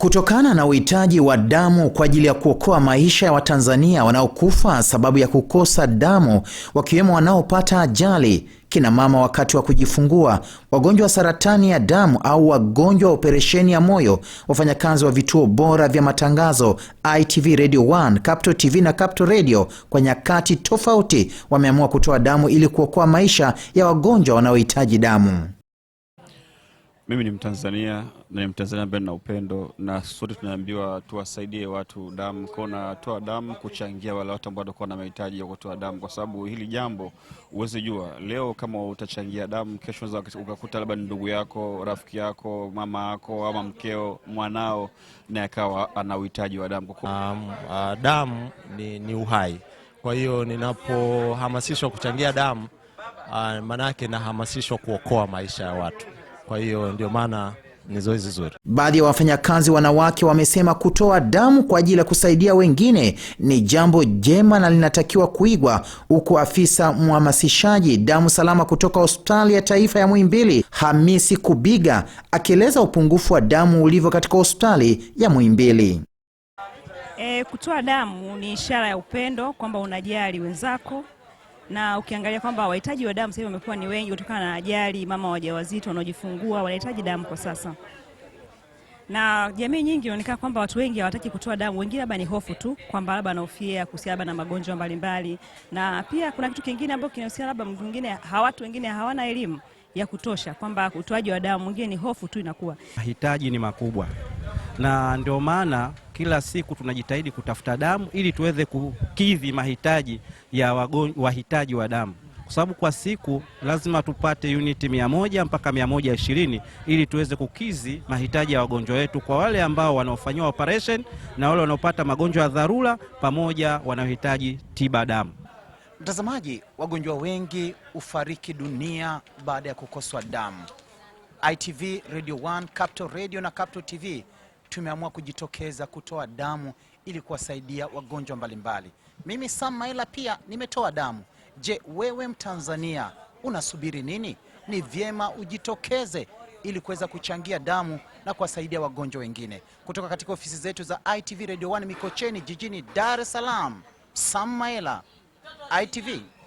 Kutokana na uhitaji wa damu kwa ajili ya kuokoa maisha ya Watanzania wanaokufa sababu ya kukosa damu, wakiwemo wanaopata ajali, kina mama wakati wa kujifungua, wagonjwa wa saratani ya damu au wagonjwa wa operesheni ya moyo, wafanyakazi wa vituo bora vya matangazo ITV Radio 1, Capital TV na Capital Radio kwa nyakati tofauti, wameamua kutoa damu ili kuokoa maisha ya wagonjwa wanaohitaji damu. Mimi ni Mtanzania na ni Mtanzania ambaye na upendo, na sote tunaambiwa tuwasaidie watu damu, kwa natoa damu kuchangia wale watu ambao watakuwa na mahitaji ya kutoa damu, kwa sababu hili jambo uweze jua leo kama utachangia damu, kesho unaweza ukakuta labda ni ndugu yako, rafiki yako, mama yako, ama mkeo, mwanao, na akawa ana uhitaji wa damu. Um, uh, damu ni, ni uhai. Kwa hiyo ninapohamasishwa kuchangia damu uh, ah, yake nahamasishwa kuokoa maisha ya watu. Kwa hiyo ndio maana ni zoezi zuri. Baadhi ya wafanyakazi wanawake wamesema kutoa damu kwa ajili ya kusaidia wengine ni jambo jema na linatakiwa kuigwa, huku afisa mhamasishaji damu salama kutoka hospitali ya taifa ya Muhimbili Hamisi Kubiga akieleza upungufu wa damu ulivyo katika hospitali ya Muhimbili. E, kutoa damu ni ishara ya upendo kwamba unajali wenzako na ukiangalia kwamba wahitaji wa damu sasa hivi wamekuwa ni wengi kutokana na ajali, mama wajawazito wanaojifungua wanahitaji damu kwa sasa na jamii nyingi inaonekana kwamba watu wengi hawataki kutoa damu, wengine labda ni hofu tu kwamba labda anahofia kuhusiana labda na magonjwa mbalimbali, na pia kuna kitu kingine ambacho kinahusiana labda mwingine, watu wengine hawana elimu ya kutosha kwamba utoaji wa damu mwingine ni hofu tu, inakuwa mahitaji ni makubwa, na ndio maana kila siku tunajitahidi kutafuta damu ili tuweze kukidhi mahitaji ya wagon, wahitaji wa damu kwa sababu kwa siku lazima tupate uniti mia moja mpaka mia moja ishirini ili tuweze kukizi mahitaji ya wagonjwa wetu, kwa wale ambao wanaofanyiwa operation na wale wanaopata magonjwa ya dharura pamoja wanaohitaji tiba damu. Mtazamaji, wagonjwa wengi hufariki dunia baada ya kukoswa damu. ITV Radio 1, Capital Radio na Capital TV tumeamua kujitokeza kutoa damu ili kuwasaidia wagonjwa mbalimbali. Mimi Sam Maila pia nimetoa damu. Je, wewe Mtanzania unasubiri nini? Ni vyema ujitokeze ili kuweza kuchangia damu na kuwasaidia wagonjwa wengine. Kutoka katika ofisi zetu za ITV Radio 1 Mikocheni jijini Dar es Salaam, Sam Maila, ITV.